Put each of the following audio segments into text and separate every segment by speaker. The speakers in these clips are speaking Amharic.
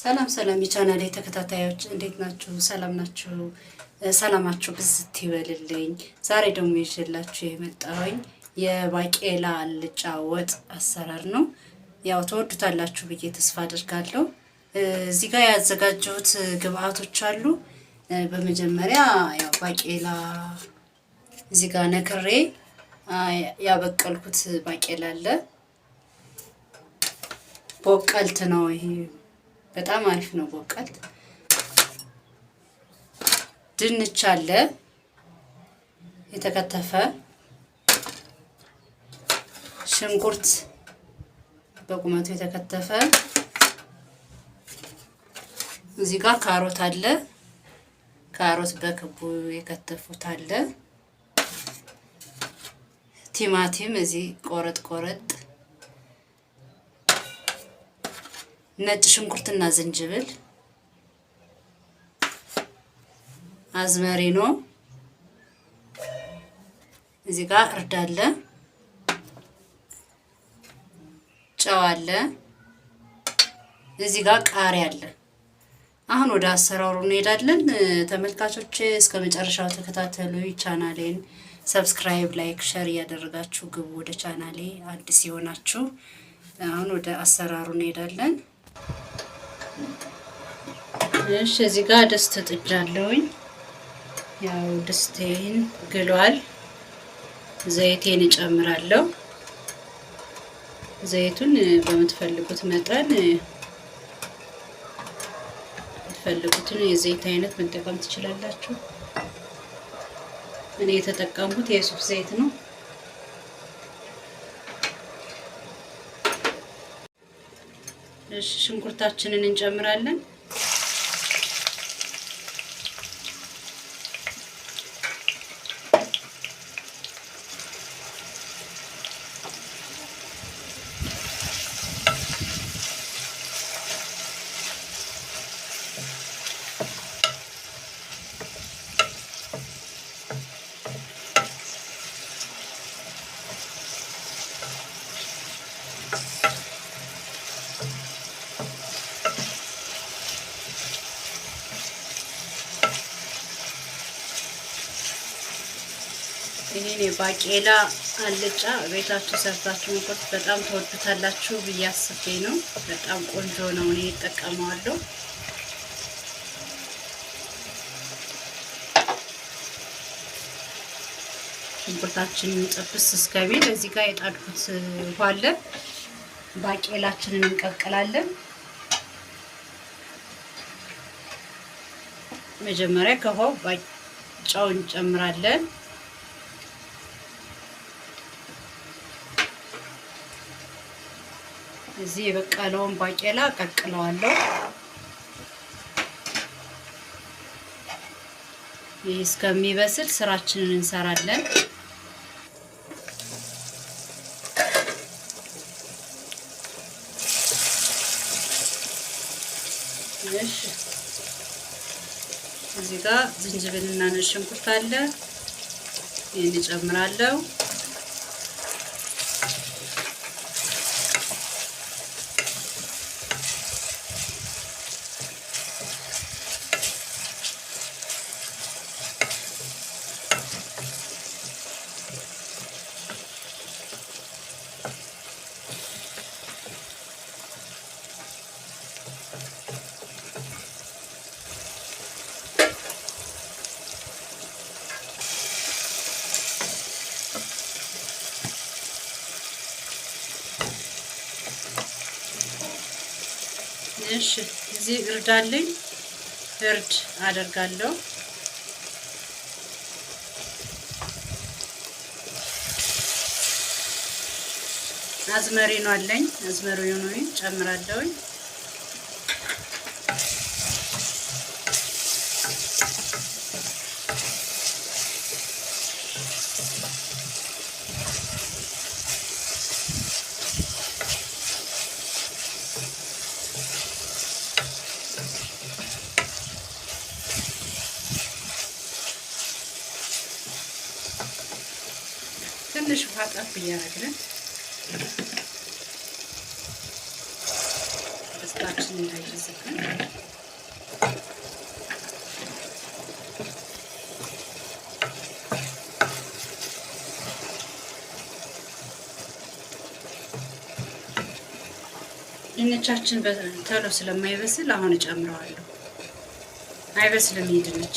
Speaker 1: ሰላም ሰላም የቻናሌ ተከታታዮች እንዴት ናችሁ? ሰላም ናችሁ? ሰላማችሁ ብዝት ይበልልኝ። ዛሬ ደግሞ ይዤላችሁ የመጣሁኝ የባቄላ አልጫ ወጥ አሰራር ነው። ያው ተወዱታላችሁ ብዬ ተስፋ አድርጋለሁ። እዚህ ጋር ያዘጋጀሁት ግብአቶች አሉ። በመጀመሪያ ያው ባቄላ እዚህ ጋር ነክሬ ያበቀልኩት ባቄላ አለ። ቦቀልት ነው ይሄ በጣም አሪፍ ነው ወቀት ድንች አለ የተከተፈ፣ ሽንኩርት በቁመቱ የተከተፈ፣ እዚህ ጋር ካሮት አለ። ካሮት በክቡ የከተፉት አለ። ቲማቲም እዚህ ቆረጥ ቆረጥ ነጭ ሽንኩርትና ዝንጅብል፣ አዝመሪኖ እዚህ ጋር እርድ አለ፣ ጨው አለ፣ እዚህ ጋር ቃሪያ አለ። አሁን ወደ አሰራሩ እንሄዳለን። ተመልካቾች እስከ መጨረሻው ተከታተሉ። ቻናሌን ሰብስክራይብ፣ ላይክ፣ ሸር እያደረጋችሁ ግቡ ወደ ቻናሌ አዲስ የሆናችሁ። አሁን ወደ አሰራሩ እንሄዳለን። እሺ እዚህ ጋር ድስት ጥጃለሁኝ። ያው ድስቴን ግሏል። ዘይቴን እጨምራለሁ። ዘይቱን በምትፈልጉት መጠን የምትፈልጉትን የዘይት አይነት መጠቀም ትችላላችሁ። እኔ የተጠቀምኩት የሱፍ ዘይት ነው። ሽንኩርታችንን እንጨምራለን ይህን የባቄላ አልጫ ቤታችሁ ሰርታችሁ መቁረጥ በጣም ተወድታላችሁ ብዬ አስቤ ነው። በጣም ቆንጆ ነው። እኔ እጠቀመዋለሁ። ሽንኩርታችንን ጥብስ እስከሚል እዚህ ጋር የጣድኩት ውሃ አለ። ባቄላችንን እንቀቅላለን። መጀመሪያ ከውሃው ጨው እንጨምራለን። እዚህ የበቀለውን ባቄላ ቀቅለዋለሁ። ይህ እስከሚበስል ስራችንን እንሰራለን። እዚህ ጋር ዝንጅብልና ነጭ ሽንኩርት አለ። ይህን እጨምራለሁ። እሺ እዚህ እርድ አለኝ። እርድ አደርጋለሁ። አዝመሪ ነው አለኝ። አዝመሪ ነው ጨምራለሁ። ትንሽ ውሃ ጠብ እያደረግን ደስታችን እንዳይዘብን ድንቻችን ተሎ ስለማይበስል አሁን እጨምረዋለሁ። አይበስልም ይድንች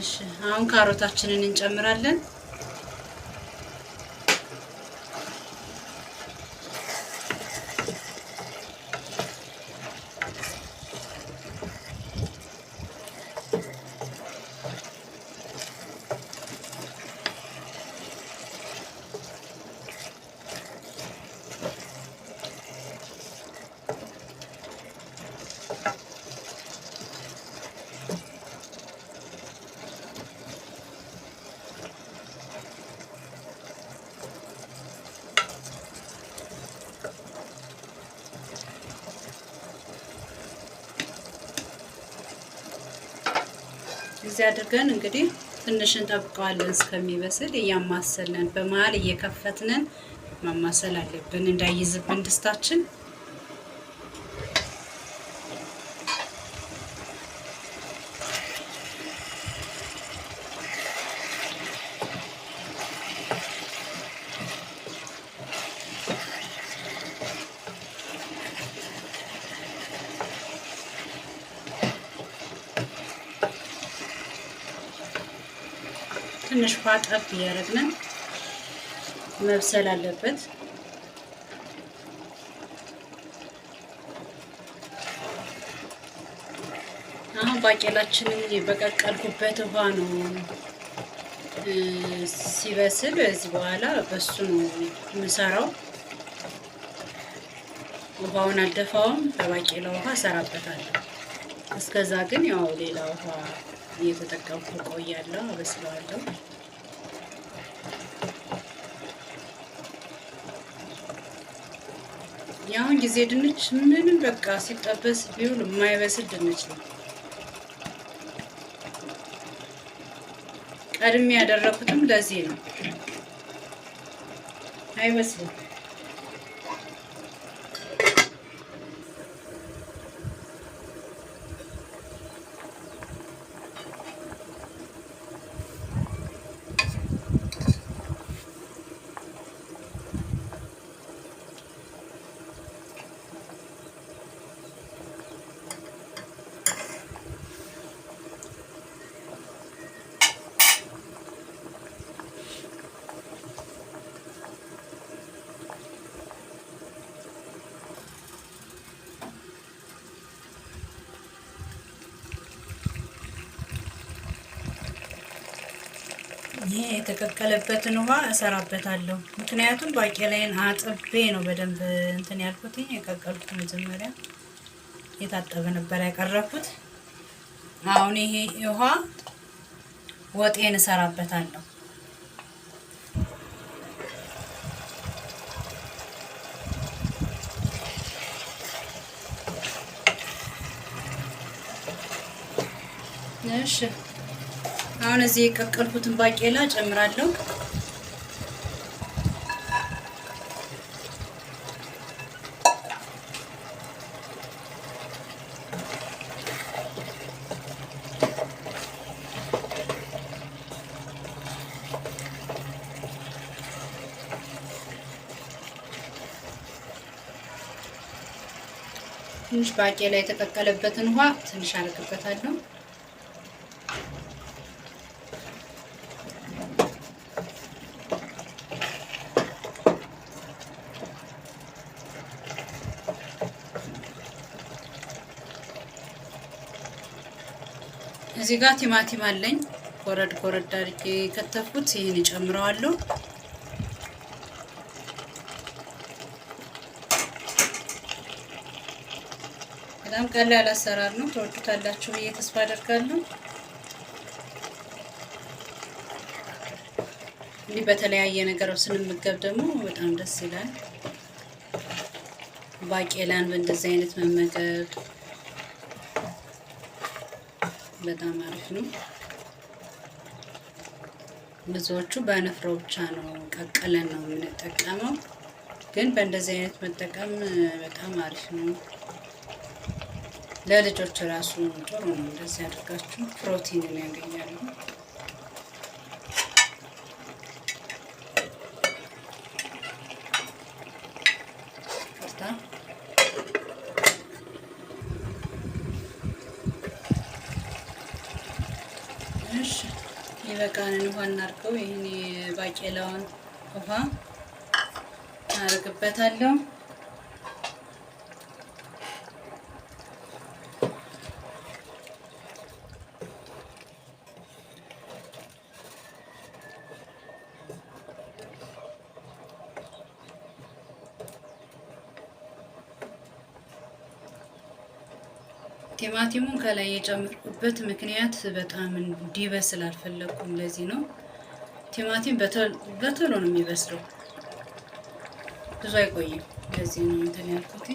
Speaker 1: እሺ አሁን ካሮታችንን እንጨምራለን። እንደዚህ አድርገን እንግዲህ ትንሽ እንጠብቀዋለን እስከሚበስል እያማሰልን በመሀል እየከፈትንን ማማሰል አለብን እንዳይዝብን ድስታችን። ትንሽ ውሃ ጠብ እያደረግን መብሰል አለበት። አሁን ባቄላችንን የበቀቀልኩበት ውሃ ነው ሲበስል፣ እዚህ በኋላ በሱ ነው የምሰራው። ውሃውን አልደፋውም፣ በባቄላ ውሃ እሰራበታለሁ። እስከዛ ግን ያው ሌላ ውሃ እየተጠቀምኩ ቆያለሁ፣ አበስለዋለሁ። የአሁን ጊዜ ድንች ምንም በቃ ሲጠበስ ቢውል የማይበስል ድንች ነው። ቀድሜ ያደረኩትም ለዚህ ነው፣ አይበስልም። ይሄ የተቀቀለበትን ውሃ እሰራበታለሁ። ምክንያቱም ባቄላዬን አጥቤ ነው በደንብ እንትን ያልኩት የቀቀልኩት። መጀመሪያ የታጠበ ነበር ያቀረብኩት። አሁን ይሄ ውሃ ወጤን እሰራበታለሁ። እሺ አሁን እዚህ የቀቀልኩትን ባቄላ ጨምራለሁ። ትንሽ ባቄላ የተቀቀለበትን ውሃ ትንሽ አደርግበታለሁ። እዚህ ጋር ቲማቲም አለኝ ጎረድ ጎረድ አድርጌ የከተፍኩት ይህን እጨምረዋለሁ። በጣም ቀላል አሰራር ነው። ተወዱታላችሁ ብዬ ተስፋ አደርጋለሁ። እንዲህ በተለያየ ነገር ስንመገብ ደግሞ በጣም ደስ ይላል። ባቄላን በእንደዚህ አይነት መመገብ በጣም አሪፍ ነው። ብዙዎቹ በንፍሮ ብቻ ነው ቀቀለን ነው የምንጠቀመው፣ ግን በእንደዚህ አይነት መጠቀም በጣም አሪፍ ነው። ለልጆች ራሱ ጥሩ ነው። እንደዚህ አድርጋችሁ ፕሮቲንን ያገኛሉ። ያንን ውሃ እናድርገው። ይህን ባቄላውን ውሃ አርግበታለሁ። ቲማቲሙን ከላይ የጨመርኩበት ምክንያት በጣም እንዲበስል አልፈለኩም። ለዚህ ነው። ቲማቲም በቶሎ ነው የሚበስለው፣ ብዙ አይቆይም። ለዚህ ነው እንትን ያልኩት።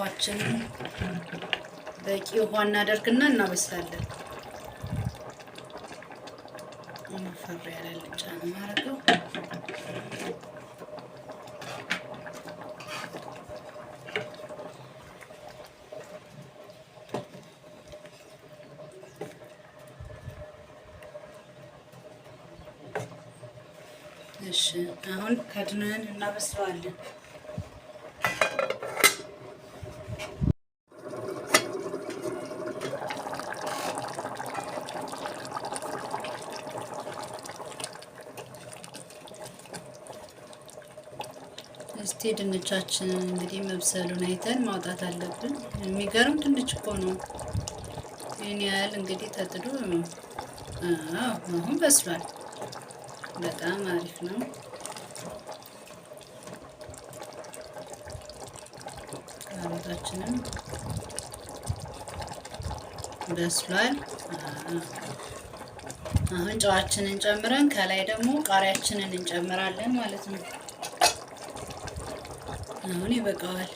Speaker 1: ውሃችንን በቂ ውሃ እናደርግና እናበስላለን። ማፈሪያ ያለ ልጫ ነው እሺ አሁን ከድንን እናበስለዋለን። እስቲ ድንቻችን እንግዲህ መብሰሉን አይተን ማውጣት አለብን። የሚገርም ድንች እኮ ነው። ይህን ያህል እንግዲህ ተጥዶ አሁን በስሏል። በጣም አሪፍ ነው። ካሮታችንም በስሏል። አሁን ጨዋችንን ጨምረን ከላይ ደግሞ ቃሪያችንን እንጨምራለን ማለት ነው። አሁን ይበቃዋል።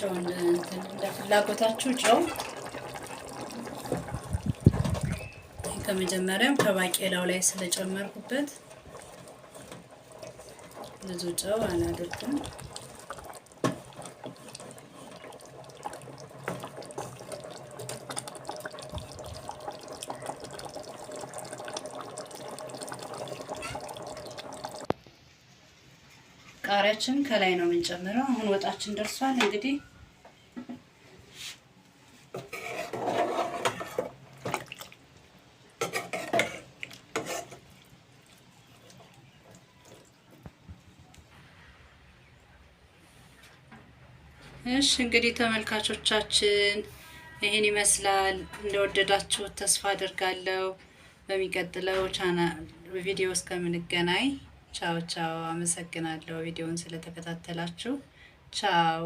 Speaker 1: ጨው እንደ ፍላጎታችሁ ጨው ከመጀመሪያም ከባቄላው ላይ ስለጨመርኩበት ብዙ ጨው አላደርግም። ቃሪያችን ከላይ ነው የምንጨምረው። አሁን ወጣችን ደርሷል እንግዲህ እሺ እንግዲህ ተመልካቾቻችን ይህን ይመስላል። እንደወደዳችሁ ተስፋ አድርጋለሁ። በሚቀጥለው ቻናል ቪዲዮ እስከምንገናኝ ቻው ቻው። አመሰግናለሁ ቪዲዮውን ስለተከታተላችሁ ቻው።